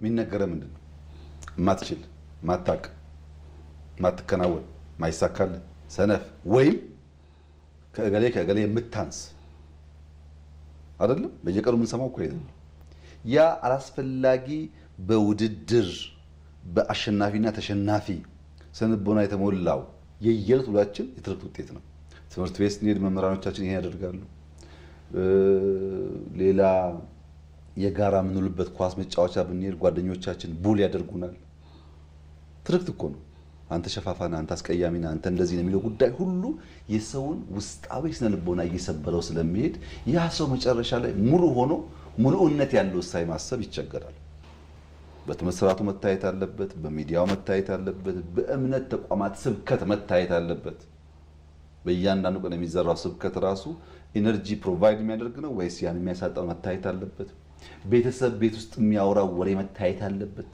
የሚነገረ ምንድን ነው? ማትችል፣ ማታቅ፣ ማትከናወን፣ ማይሳካል፣ ሰነፍ ወይም ከእገሌ ከእገሌ የምታንስ አይደለም። በየቀኑ የምንሰማው እኮ ይሄ ያ አላስፈላጊ በውድድር በአሸናፊና ተሸናፊ ስነልቦና የተሞላው የየለት ውሏችን የትርክት ውጤት ነው። ትምህርት ቤት ስንሄድ መምህራኖቻችን ይሄን ያደርጋሉ። ሌላ የጋራ የምንውልበት ኳስ መጫወቻ ብንሄድ ጓደኞቻችን ቡል ያደርጉናል። ትርክት እኮ ነው። አንተ ሸፋፋና፣ አንተ አስቀያሚና፣ አንተ እንደዚህ ነው የሚለው ጉዳይ ሁሉ የሰውን ውስጣዊ ስነልቦና እየሰበረው ስለሚሄድ ያ ሰው መጨረሻ ላይ ሙሉ ሆኖ ሙሉእነት ያለው ሳይ ማሰብ ይቸገራል። በትምህርት መታየት አለበት፣ በሚዲያው መታየት አለበት፣ በእምነት ተቋማት ስብከት መታየት አለበት። በእያንዳንዱ ቀን የሚዘራው ስብከት ራሱ ኢነርጂ ፕሮቫይድ የሚያደርግ ነው ወይስ ያን የሚያሳጣው መታየት አለበት። ቤተሰብ ቤት ውስጥ የሚያወራው ወሬ መታየት አለበት።